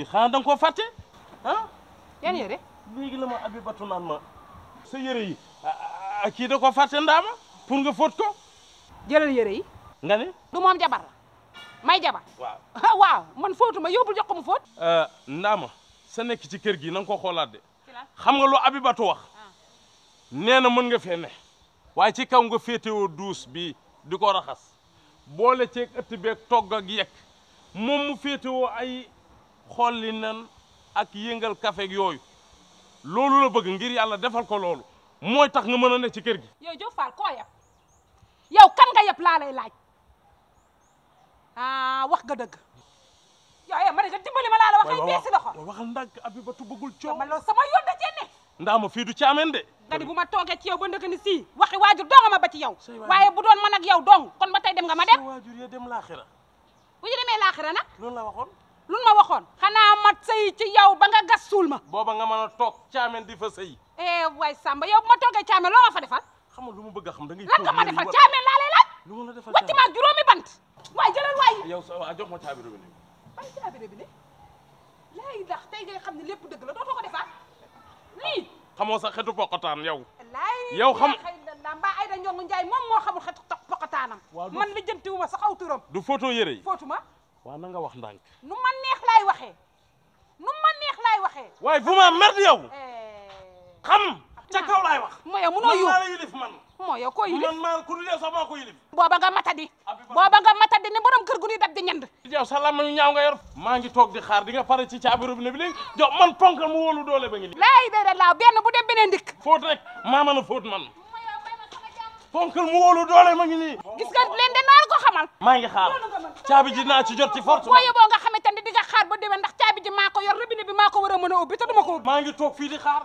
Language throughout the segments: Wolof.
yii xanaa da nga koo fàtte ah. yan yére. léegi la ma Abibatu naan ma sa yére yi kii da ko fàtte ndaama pour nga fóot ko. jëlal yére yi. nga ne. du moom jabar la may jabar. waaw ah, man fóotu ma yóbbu jox ko mu fóot. Euh, ndaama sa nekk ci kër gi nang ko xoolaat de. xam nga lu Abibatu wax. Ah. nee na mën nga fee ne. waaye ci kaw nga féetewoo duus bi di ko raxas boole ceeg ëtt beeg togg yekk moom mu féetewoo ay. xolli nan ak yengal café ak yoy lolu la bëgg ngir yalla défal ko lolu moy tax nga mëna a ne ci kër gi. yow Diop fal ko yapp yow kan nga yapp la lay laaj ah wax ga dëgg. yow ay ma ne nga dimbali ma la la wax ay beesi loxo. waaw abi ba Abibatu bëggul ciow ma lo sama yoon da cee ne. ndaa ma fii du caamen de. nga di bu ma toogee ci yow ba ndëk ni si waxi do dong ma ba ci yow. waaye bu doon man ak yow dong kon ba tay dem nga ma dem. wajur ya dem xira bu ñu la xira nak loolu la waxon lu ma waxoon xanaa mat sëy ci yow ba nga ma. booba nga ma a toog caamen di fa sëy. eh waay Samba yow bu ma toogee caamen loo ma fa defal. xam nga lu mu bëgg a xam da ngay. lan nga ma defal caamen laa lay laaj. lu ma juróomi bant. waay jëlal waay. yow sa waa jox ma caabi robinet bi. ban tey ngay xam ne lépp dëgg la dootoo ko defaat lii. xamoo sa xetu poqotaan yow. yow xam la mbaa Ayda Ndiongo Ndiaye moom moo xamul xetu poqotaanam. man lijjantiwuma sax aw turam. du photo yére yi. photo ma waa na nga wax ndànk. nu ma neex laay waxee nu ma neex laay waxee. waaye bu ma mer yow. Eh. xam ca kaw laay wax. mooy yow munoo yu man maa la yilif koo yilif man maa ku dul yow sax ko yilif. booba nga matadi. booba nga matadi ne borom kër gu ñuy dab di ñend. yow sa lam ñu ñaaw nga yor. maa ngi toog di xaar di nga ci caabi robinet bi léegi jox man ponkal mu wóolu doole ba ngi nii. laay laaw benn bu dem beneen dikk. fóot rek maa mën a fóot man. ponkal mu wóolu doole ma ngi nii. gis nga leen de naa xamal. maa ngi xaar caabi ji naa ci jot ci force. waaye boo nga xamante ne di nga xaar ba déwén ndax caabi ji maa ko yor robinet bi a mën a ubbi te duma ko ubbi. toog fii di xaar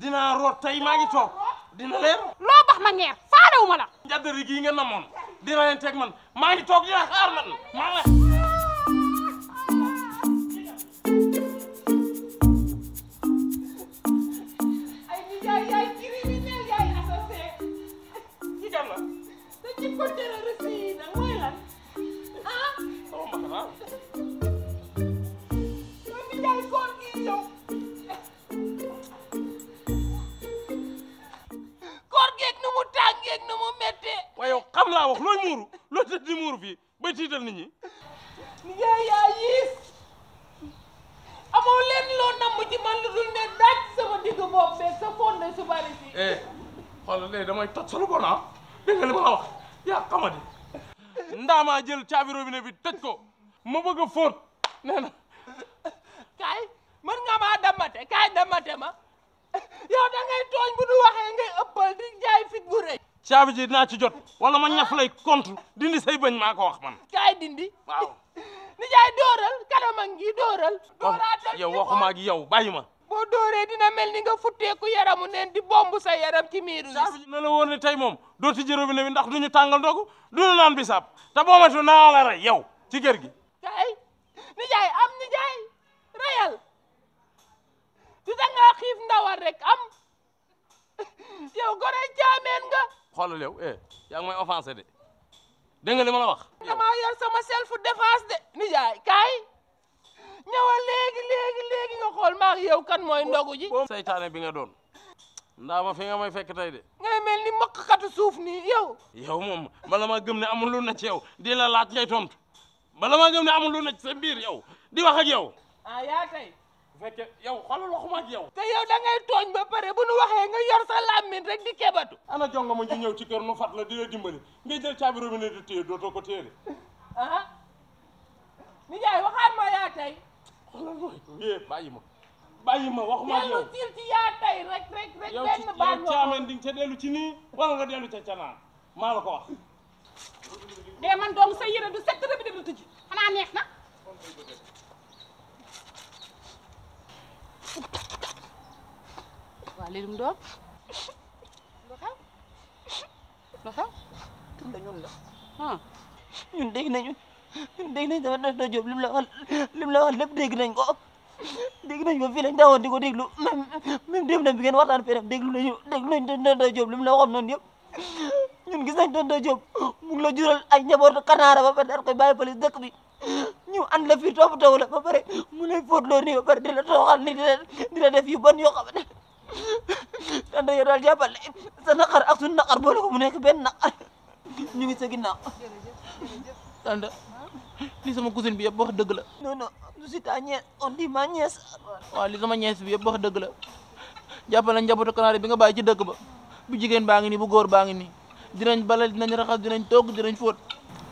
dinaa root tey maa ngi toog dina leer. loo bax ma ñeer faalewu ma la. njàddari gii nga namoon dina leen teg man maa ngi toog dina xaar man maa nijaay yaa yiis amoo leen loo namm ci man lu dul ne daaj sama digg bopp beeg sa fonde su si eh xoolal léegi damay toj solo bon ah dégg nga la wax yaa xamadi ndaamaa jël caabi robinet bi tëj ko ma bëgg a fóot nee na kaay mën nga maa damate kaay damate ma yow da ngay tooñ bu du waxee ngay ëppal di jaay fit bu rëy caabi naa ci jot wala ma ñaf lay compte dindi say bëñ maa wax man. kaay dindi. ni jaay dóoral kanam ak ngi dóoral. dóoraatal yow waxuma ak yow ma. boo dóoree dina mel ni nga futteeku yaramu neen di bomb sa yaram ci miiru yi. caabi ji na la wóor ne tey moom dooti ci robinet bi ndax du ñu tàngal ndogu du ñu naan bisaab te boo moytu naa la rey yow ci kër gi. kaay ni jaay am ni jaay reyal du da ngaa xiif ndawal rek am yow gore jaameen nga. xoolal yow eh yaa ngi may offensé de dégg nga li ma la wax. damaa yor sama self défense de nijaay kaay ñëwal léegi léegi léegi nga xool maa ngi yow kan mooy ndogu ji. seytaane bi nga doon ndaa ma fi nga may fekk tey de. ngay mel ni mbokkatu suuf nii yow. yow moom bala maa gëm ne amul lu na ci yow di laaj ngay tontu bala maa gëm ne amul na sa biir yow di wax ak yow. ah yaa tey. fekkee yow xoolal waxuma ak yow. te yow da ngay tooñ ba pare bu nu waxee nga yor sa làmmiñ rek di kebatu. ana jonga ma ñu ñëw ci kër nu fat la di la dimbali ngay jël caabi robinet di téye ko téye ah? ma yaa ma ma waxuma ak yow dellu siil ci yaa rek rek rek. benn di nga ca ci nii wala nga dellu ca canaan maa la ko wax. de man doomu sa yére du set rëbb di tëj xanaa neex na. waaw lii dum doon lu xew lu xew da ñun la ah ñun dégg nañu ñun dégg nañ dafa da Jóob lim la wax lim la wax lépp dégg nañ ko dégg nañ ko fii lañ taxawoon di ko déglu même même démb na bi ngeen waxtaan fii def déglu nañu déglu nañ Tonton Jóob lim la waxoon noonu yëpp ñun gis nañ Tonton Jóob mu ngi la jural ay njabootu kanaara ba pare daal koy bàyyi police dëkk bi ñu ànd la fii topp taw la ba pare mu lay fóotloo nii ba pare di la tooxal ni di la di la def yu bon yoo xam ne tante yow daal jàppale sa naqar ak suñu naqar boole ko mu nekk benn naqar ñu ngi sa ginnaaw tante li sama cousine bi yëpp wax dëgg la non si ta ñees on dit ma ñees waaw li sama ñees bi yëpp wax dëgg la jàppale kanaari bi nga bàyyi ci dëkk ba bu jigéen baa ngi nii bu góor baa ngi nii dinañ balal dinañ raxas dinañ toog dinañ foot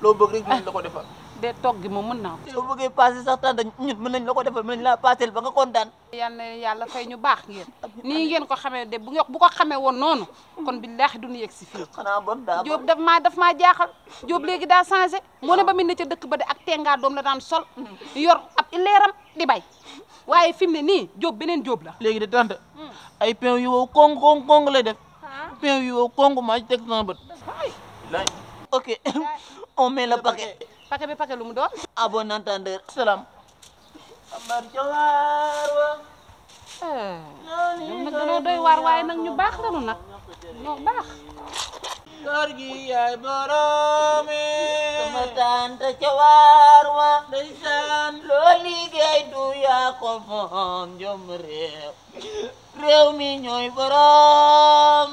loo bëgg rek dinañ la ko de togg gi moom mën naa ko. soo bëggee mën nañ la ko defal mën nañ laa passé ba nga kontaan. yal na yàlla fay ñu baax ngeen. nii ngeen ko xamee de bu bu ko xamee woon noonu. kon billaahi duñu yegg si fii. xanaa bon daa Diop daf maa daf maa jaaxal. Diop léegi daa changé. moone ba min ne ca dëkk ba de ak tengaa doom la daan sol. yor ab ileeram di bay. waaye fi mu ne nii Diop beneen Diop la. léegi da tante ay pain yu wow kong kong kong lay def. pain yu wow kong maa ci teg sama bët. ok on met paquet bi paquet lu mu doon. à entendeur salam ambar jawaar wa. ñoom nag doy war way nak ñu baax lanu nak no bax góor gi yaay borom sama tante jawaar wa. lo li gay du ya ko fon jom rew rew mi ñoy borom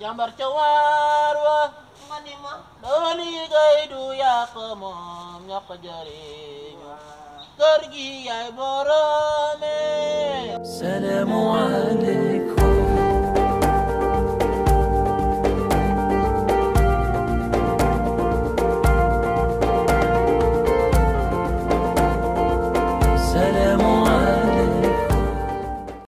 jambar jawaar wa. dooni gay du yàq moom ñaq jariñu kër gi yaay borome salamu aleykum